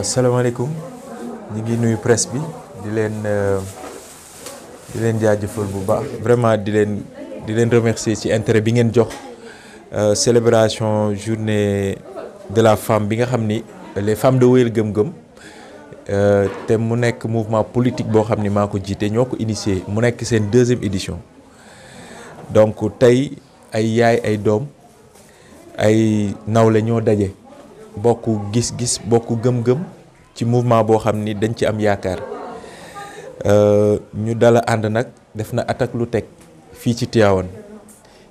waaw alaikum. ñu ngi nuyu presse bi di leen euh, di leen jaajëfal bu baax vraiment di leen di leen remercier ci intérêt bi ngeen jox euh, célébration journée de la femme bi nga xam ni les femmes de Weyel Gëm Gëm euh, te mu nekk mouvement politique boo xam ni maa ko jiite ñoo ko initié mu nekk seen deuxième édition donc tey ay yaay ay doom ay nawle ñoo daje. bokk gis-gis bokk gëm-gëm ci mouvement boo xam ni dañ ci am yaakaar euh, ñu dala ànd nag def na attaque lu teg fii ci Tivaouane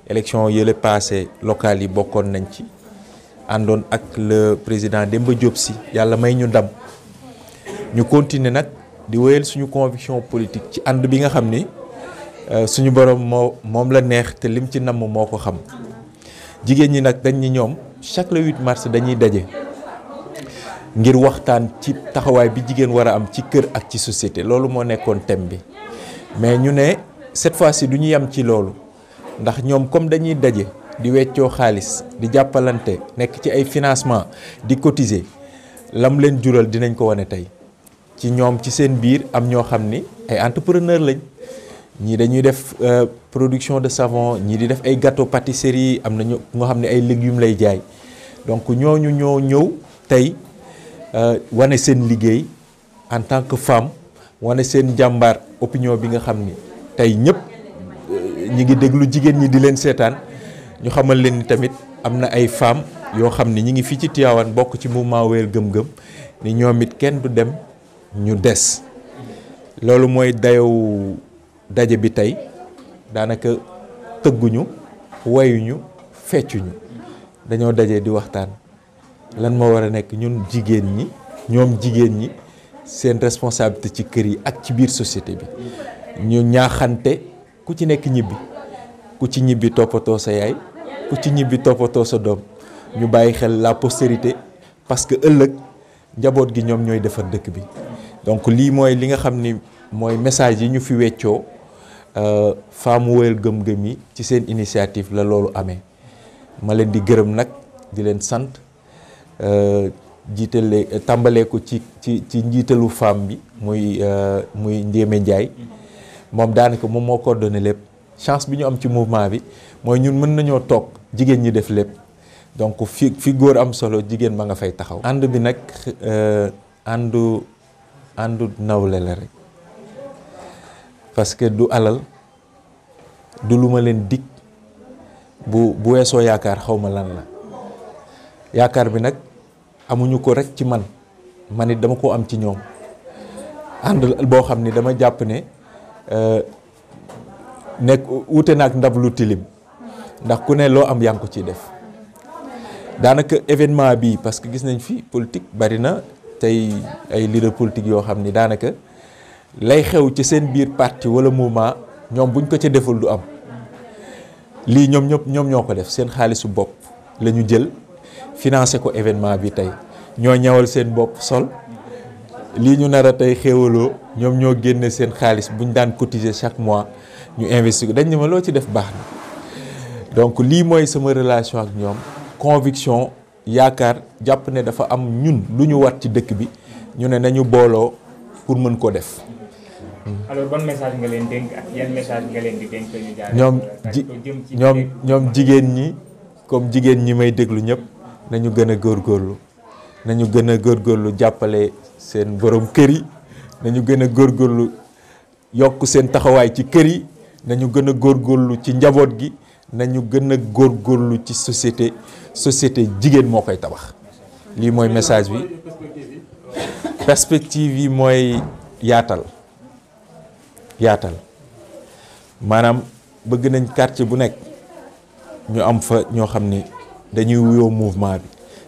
élection yële passé locales yi bokkoon nañ ci àndoon ak le président démb Diop si yàlla may ñu ndam ñu continuer nag di wéyal suñu conviction politique ci ànd bi nga xam ni euh, suñu borom moo moom la neex te lim ci namm moo ko xam jigéen ñi nag dañ ñi ñoom chaque le 8 mars dañuy dajé ngir waxtaan ci taxaway bi jigéen wara am ci kër ak ci société loolu mo nekkoon thème bi mais ñu né cette fois-ci duñu yam ci lolu ndax ñom comme dañuy dajé di wéccio xaalis di jàppalante nekk ci ay financement di cotiser lam leen jural dinañ ko woné tay ci ñom ci seen biir am ño xamni ay entrepreneur lañ ñii dañuy def euh, production de savon ñii di def ay gâteau pâtisserie am na ñu nga xam ne ay légumes lay jaay donc ñooñu ñoo ñëw tey euh, wane seen liggéey en tant que femme wane seen jàmbaar opinion bi nga xam ni tey ñëpp euh, ñi ngi déglu jigéen ñi di leen seetaan ñu xamal leen ni tamit am na ay femmes yoo xam ni ñi ngi fii ci Tivaouane bokk ci mouvement Weyal Gëm Gëm ni ñoom it kenn du dem ñu des loolu mooy dayow daje bi tey daanaka tëgguñu wayuñu feccuñu dañoo daje di waxtaan lan moo war a nekk ñun jigéen ñi ñoom jigéen ñi seen responsabilité ci kër yi ak ci biir société bi ñu ñaaxante ku ci nekk ñibbi ku ci ñibbi toppatoo sa yaay ku ci ñibbi toppatoo sa doom ñu bàyyi xel la postérité parce que ëllëg njaboot gi ñoom ñooy defar dëkk bi donc lii mooy li nga xam ni mooy message yi ñu fi weccoo euh, femme woyal gëm-gëm yi ci seen initiative la loolu amee ma leen di gërëm nag di leen sant euh, jiitale tàmbalee ko ci ci ci njiitalu femme bi muy euh, muy Ndiémé Ndiaye moom daanaka moom moo coordonné lépp chance bi ñu am ci mouvement bi mooy ñun mën nañoo toog jigéen ñi def lépp donc fi fi góor am solo jigéen ba nga fay taxaw. ànd bi nag àndu àndu nawle la rek. parce que du alal du lu ma leen dig bu bu weesoo yaakaar xaw ma lan la yaakaar bi nag amuñu ko rek ci man man it dama ko am ci ñoom ànd boo xam ni dama jàpp ne euh, nekk wuute ak ndab lu tilim ndax ku ne loo am yaa ngi ko ciy def daanaka événement bi parce que gis nañ fi politique bari na tey ay leader politique yoo xam ni daanaka. lay xew ci seen biir parti wala mouvement ñoom buñ ko ci deful du am lii ñoom ñëpp ñoom ñoo ko def seen xaalisu bopp la jël financé ko événement bi tey ñoo ñawal seen bopp sol lii ñu nar a tey xéewaloo ñoom ñoo génne seen buñ daan cotiser chaque mois ñu investi dañ ne ma loo ci def baax donc lii mooy sama relation ak ñoom conviction yaakaar jàpp ne dafa am ñun lu ñu pour mën ko Mm. alors ban message nga ñoom jigéen ñi comme jigéen ñi may déglu ñëpp nañu gën a góorlu nañu gën góor góorlu jàppale seen borom kër yi nañu gën a góorlu yokk seen taxawaay ci kër yi nañu gën a góorlu ci njaboot gi nañu gën a góorlu ci société société jigéen moo koy tabax lii mooy message bi perspective yi mooy yaatal yaatal maanaam bëgg nañ quartier bu nekk ñu am fa ñoo xam ni dañuy wuyoo mouvement bi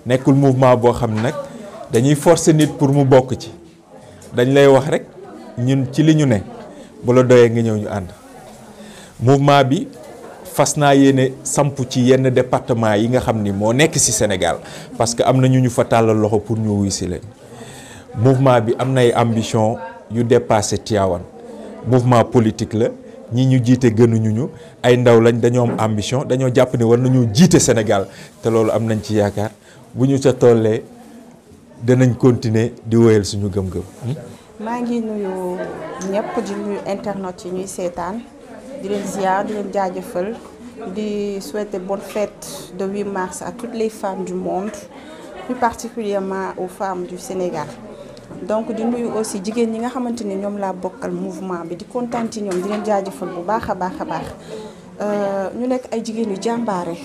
nekkul mouvement boo xam ne nag dañuy forcer nit pour mu bokk ci dañ lay wax rek ñun ci li ñu ne bu la doyee nga ñëw ñu ànd mouvement bi fas naa yéene samp ci yenn département yi nga xam ni moo nekk ci Sénégal parce que am na ñu ñu fa tàllal loxo pour ñu wuy si leen mouvement bi am nay ambition yu dépassé Tivaouane mouvement politique la ñi ñu jité gënu ñu ay ndaw lañ dañu am ambition dañu japp ne war nañu jité Sénégal té loolu am nañ ci yaakaar bu ñu tollé dañ continuer di woyal suñu gëm-gëm. ma ngi nuyu ñepp di nuyu internet yi ñuy sétane di leen ziar di leen jaajëfal di souhaiter bonne fête de 8 mars à toutes les femmes du monde plus particulièrement aux femmes du Sénégal. donc di nuyu aussi jigéen ñi nga xamante ni ñoom laa bokkal mouvement bi di kontaan ci ñoom di leen jaajëfal bu baax a baax a baax euh, ñu nekk ay jigéen yu jàmbaare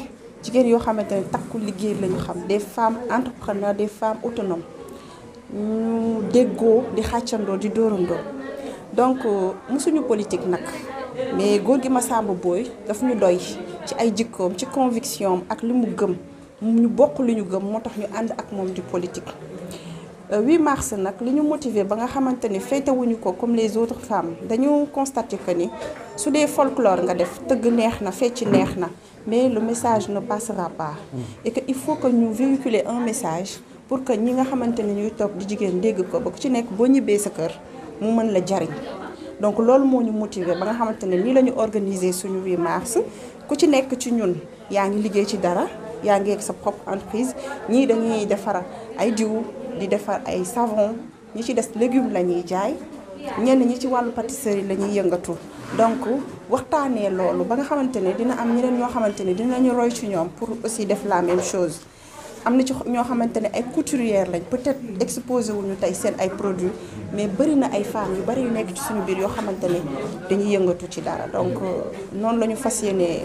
jigéen yoo xamante ne takku liggéey lañu xam des femmes entrepreneurs des femmes autonomes ñu déggoo di xàccandoo di dóorandoo donc euh, mosuñu politique nag mais góor gi Massamba Boye daf ñu doy ci ay jikkoom ci conviction ak li mu gëm ñu bokk li ñu gëm moo tax ñu ànd ak moom di politique 8 euh, mars nak, li ñu motiver ba nga xamanteni ni féetewuñu ko comme les autres femmes dañu constaté que ni su des folklore nga def teug neex na fecc neex na mais le message ne passera pas mm. et que il faut que ñu véhiculer un message pour que ñi nga xamanteni ni ñuy toog di jigen dégg ko ba ci nekk bo ñibé sa kër mu mën la jariñ donc lool mo ñu motiver ba nga xamanteni ni lañu organiser suñu 8 mars ku ci nekk ci ñun yaa ngi liggéey ci dara yaa ngi ak sa propre entreprise ñii dañuy defar ay diw di defar ay savon ñi ci des légumes la ñuy jaay ñenn ñi ci wàllu pâtisserie la ñuy yëngatu donc waxtaanee loolu ba nga xamante ne dina am ñeneen ñoo xamante ne dinañu roy ci ñoom pour aussi def la même chose am na ci ñoo xamante ne ay couturière lañ peut-être exposé wuñu tey seen ay produits mais bëri na ay femmes yu bëri yu nekk ci suñu biir yoo xamante ne dañuy yëngatu ci dara donc euh, noonu lañu fas yéenee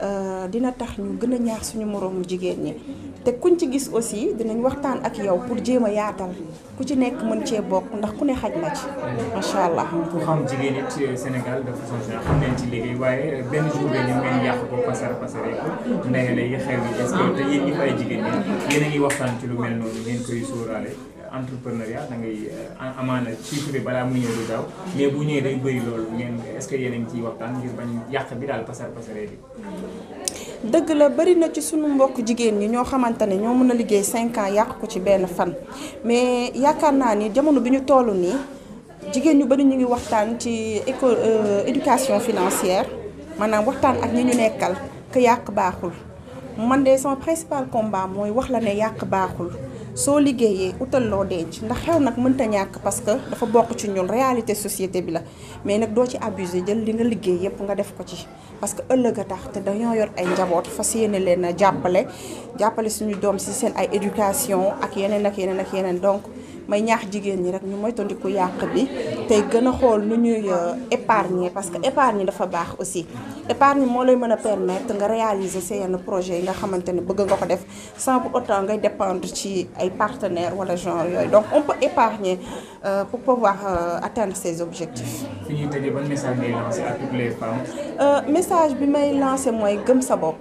Euh, dina tax ñu gën a ñaax suñu moroomu jigéen ñi te kuñ ci gis aussi dinañ waxtaan ak yow pour jéem a yaatal ku ci nekk mën cee bokk ndax ku ne xaj na ci macha allah. ku xam jigéen ci euh, Sénégal de façon générale xam nañ ci liggéey waaye euh, benn jour bi ñu ngeen yàq ko pasar pasaree ko ndeyale yi xew yi est-ce te yéen ñi fay jigéen ñi yéen a ngi waxtaan ci lu mel noonu ngeen koy sóoraale. entrepreneuriat da ngay eh, amaana chiffre bi balaa mu ñëw du daw mais bu ñëwee day bëri loolu ngeen est-ce que a waxtaan ngir bañ yàq bi daal pasar pasaree bi. dëgg la bari na ci suñu mbokk jigéen ñi ñoo xamante ne ñoo mën a liggéey 5 ans yàq ko ci benn fan mais yaakaar naa ni jamono bi ñu toll nii jigéen ñu bari ñu ngi waxtaan ci éco euh, éducation financière maanaam waxtaan ak ñi ñu nekkal que yàq baaxul man de sama principal combat mooy wax la ne yàq baaxul. soo liggéeyee utal loo denc ndax xew nag mënta ñàkk parce que dafa bokk ci ñun réalité société bi la mais nag doo ci abusé jël li nga liggéey yëpp nga def ko ci parce que ëllëg a tax te dañoo yor ay njaboot fas yéene leen a jàppale jàppale suñu doom si seen ay éducation ak yeneen ak yeneen ak yeneen donc may ñaax jigéen ñi rek ñu moytandiku yàq bi tey gën a xool nu ñuy euh, épargner parce que épargne dafa baax aussi épargne moo lay mën a permettre nga réaliser sa yenn projet yi nga xamante ne bëgg nga ko def sans pour autant ngay dépendre ci ay partenaires wala genre yooyu donc on peut épargner euh, pour pouvoir euh, atteindre ses objectifs. fi ñuy tëjee ban message ngay lancer à toutes les femmes. message bi may lancer mooy gëm sa bopp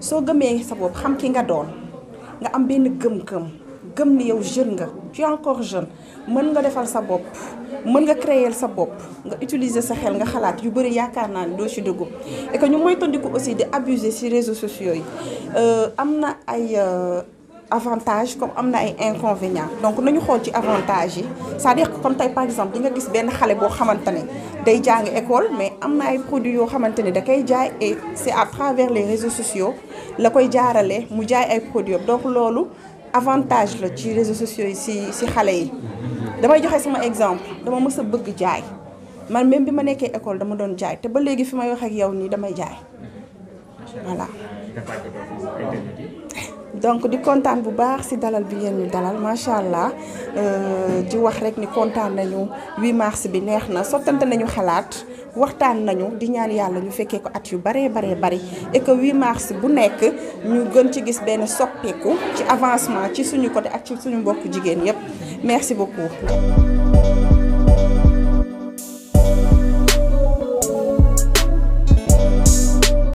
soo gëmee sa bopp xam ki nga doon nga am benn gëm-gëm gëm ni yow jeune nga tu es encore jeune mën nga defal sa bopp mën nga créer sa bopp nga utiliser sa xel nga xalaat yu bëri yaakaar naa ne doo ci dugg et que ñu tondiku aussi di abuser ci réseaux sociaux yi euh, am na ay euh, avantage comme am na ay inconvénients donc nañu xool ci avantage yi c'est-à-dire comme tey par exemple di nga gis benn xale boo xamante ne day jàng école mais am na ay produits yoo xamante ne da koy jaay et c'est à travers les réseaux sociaux la koy jaarale mu jaay ay produits donc loolu avantage sur les réseaux sociaux ici. si si damay exemple dama exemple. a bëgg jaay man même bima école dama un jaay ba voilà donc di kontaan bu baax si dalal bi ñu dalal sha allah euh, di wax rek ni kontaan nañu 8 mars bi neex na sottante nañu xalaat waxtaan nañu di ñaan yalla ñu fekke ko at yu bare bare bare et que 8 mars bu nekk ñu gën ci gis ben soppeeku ci avancement ci suñu côté ak ci suñu mbokk jigen yépp merci beaucoup.